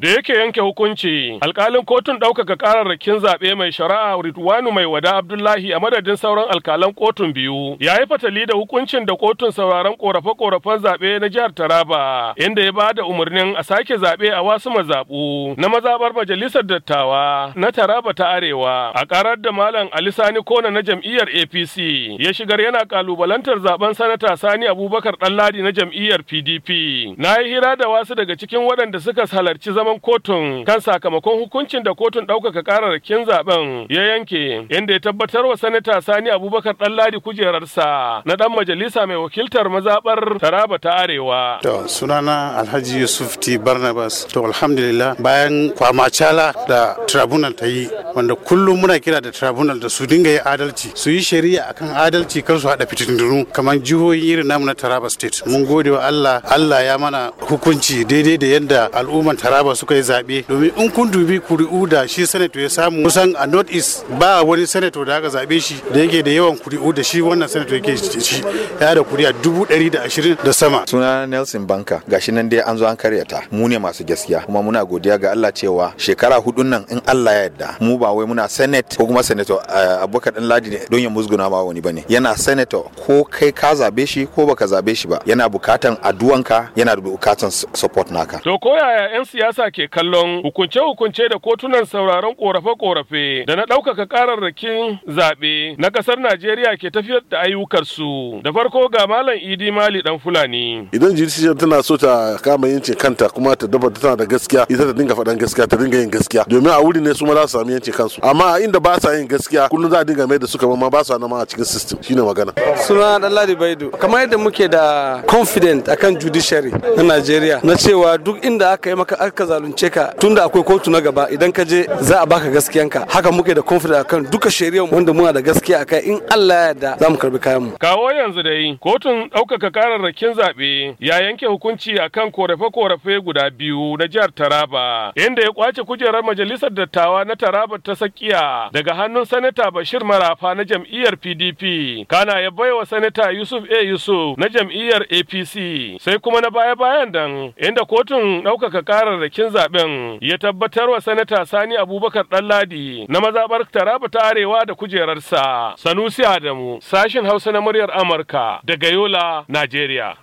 da yake yanke hukunci alkalin kotun ɗaukaka kararrakin zaɓe mai shari'a ridwanu mai wada abdullahi a madadin sauran alkalan kotun biyu ya yi fatali da hukuncin da kotun sauraron korafe-korafen zaɓe na jihar taraba inda ya ba da umarnin a sake zaɓe a wasu mazaɓu na mazaɓar majalisar dattawa na taraba ta arewa a ƙarar da malam ali sani kona na jam'iyyar apc ya shigar yana ƙalubalantar zaɓen sanata sani abubakar ɗanladi na jam'iyyar pdp na yi hira da wasu daga cikin waɗanda suka halarci zama zaman kotun kan sakamakon hukuncin da kotun ɗaukaka kararrakin zaben ya yanke inda ya tabbatar wa sanata Sani Abubakar Ɗanladi kujerarsa na dan majalisa mai wakiltar mazaɓar Taraba ta Arewa. To sunana Alhaji Yusuf T Barnabas. To alhamdulillah bayan kwamacala da tribunal ta yi wanda kullum muna kira da tribunal da su dinga yi adalci su yi shari'a akan adalci kan su haɗa fitindunu kamar jihohin irin namu na Taraba State. Mun gode wa Allah Allah ya mana hukunci daidai da yadda al'umman Taraba suka yi zaɓe domin in kun dubi kuri'u da shi senator ya samu kusan a north east ba wani senator da aka zaɓe shi da yake da yawan kuri'u da shi wannan senator yake shi ya da kuri'a dubu ɗari da ashirin da sama. suna nelson banka gashi nan dai an zo an karya ta mu ne masu gaskiya kuma muna godiya ga allah cewa shekara hudun nan in allah ya yarda mu ba wai muna senate ko kuma senator eh, abubakar dan ladi ne don ya musguna ma wani bane yana senator ko kai ka zaɓe shi ko baka zaɓe shi ba yana bukatan addu'anka yana bukatan support naka. to koyaya 'yan siyasa Najeriya ke kallon hukunce-hukunce da kotunan sauraron korafe-korafe da na ɗaukaka kararrakin zaɓe na ƙasar Najeriya ke tafiyar da ayyukarsu. Da farko ga Malam Idi Mali dan Fulani. Idan judicial tana so ta kama yance kanta kuma ta dabar tana da gaskiya ita ta dinga faɗan gaskiya ta dinga yin gaskiya domin a wuri ne su ma za su sami yance kansu amma inda ba sa yin gaskiya kullum za a dinga mai da su ma ba sa nama a cikin system shine magana. Suna Ɗanladi Baidu kamar yadda muke da confident akan judiciary na Najeriya na cewa duk inda aka yi maka aka zalunce ka tunda akwai kotu na gaba idan ka je za a baka gaskiyanka haka muke da confidence akan duka shari'a wanda muna da gaskiya akai in Allah ya yarda za mu karbi kayan mu kawo yanzu dai kotun ɗaukaka kararrakin zaɓe ya yanke hukunci akan korafe-korafe guda biyu na jihar Taraba inda ya kwace kujerar majalisar dattawa na Taraba ta Sakiya daga hannun sanata Bashir Marafa na jam'iyyar PDP kana ya baiwa sanata Yusuf A Yusuf na jam'iyyar APC sai kuma na baya-bayan dan inda kotun ɗaukaka kararrakin cikin zaben ya tabbatar wa sanata Sani Abubakar Ɗanladi na mazaɓar Taraba ta Arewa da kujerarsa. Sanusi Adamu, sashin Hausa na muryar Amurka daga Yola, Najeriya.